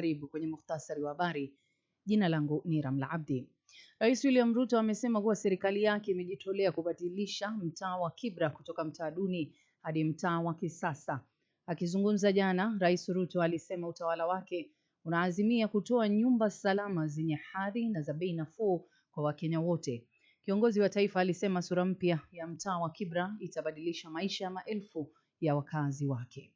Karibu kwenye muhtasari wa habari. Jina langu ni Ramla Abdi. Rais William Ruto amesema kuwa serikali yake imejitolea kubadilisha mtaa wa Kibra kutoka mtaa duni hadi mtaa wa kisasa. Akizungumza jana, Rais Ruto alisema utawala wake unaazimia kutoa nyumba salama zenye hadhi na za bei nafuu kwa Wakenya wote. Kiongozi wa taifa alisema sura mpya ya mtaa wa Kibra itabadilisha maisha ya maelfu ya wakazi wake.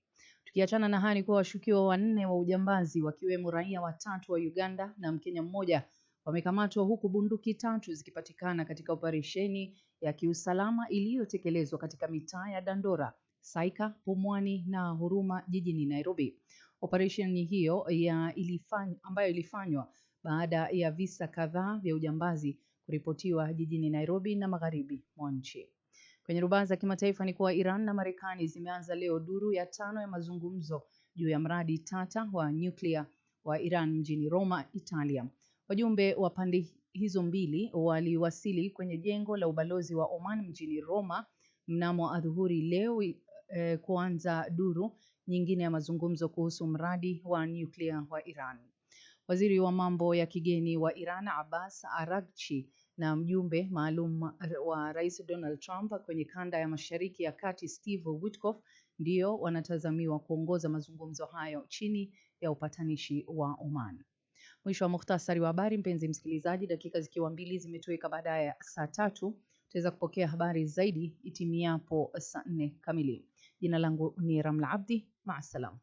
Kiachana na hani kuwa washukiwa wanne wa ujambazi wakiwemo raia watatu wa Uganda na Mkenya mmoja wamekamatwa huku bunduki tatu zikipatikana katika operesheni ya kiusalama iliyotekelezwa katika mitaa ya Dandora, Saika, Pumwani na Huruma jijini Nairobi. Operesheni hiyo ya ilifanywa, ambayo ilifanywa baada ya visa kadhaa vya ujambazi kuripotiwa jijini Nairobi na magharibi mwa nchi. Kwenye rubaa za kimataifa ni kuwa Iran na Marekani zimeanza leo duru ya tano ya mazungumzo juu ya mradi tata wa nyuklia wa Iran mjini Roma, Italia. Wajumbe wa pande hizo mbili waliwasili kwenye jengo la ubalozi wa Oman mjini Roma mnamo adhuhuri leo eh, kuanza duru nyingine ya mazungumzo kuhusu mradi wa nyuklia wa Iran. Waziri wa mambo ya kigeni wa Iran Abbas Araghchi na mjumbe maalum wa Rais Donald Trump kwenye kanda ya Mashariki ya Kati Steve Witkoff ndio wanatazamiwa kuongoza mazungumzo hayo chini ya upatanishi wa Oman. Mwisho wa muhtasari wa habari, mpenzi msikilizaji, dakika zikiwa mbili zimetoweka baada ya saa tatu utaweza kupokea habari zaidi itimiapo saa nne kamili. Jina langu ni Ramla Abdi, maasalam.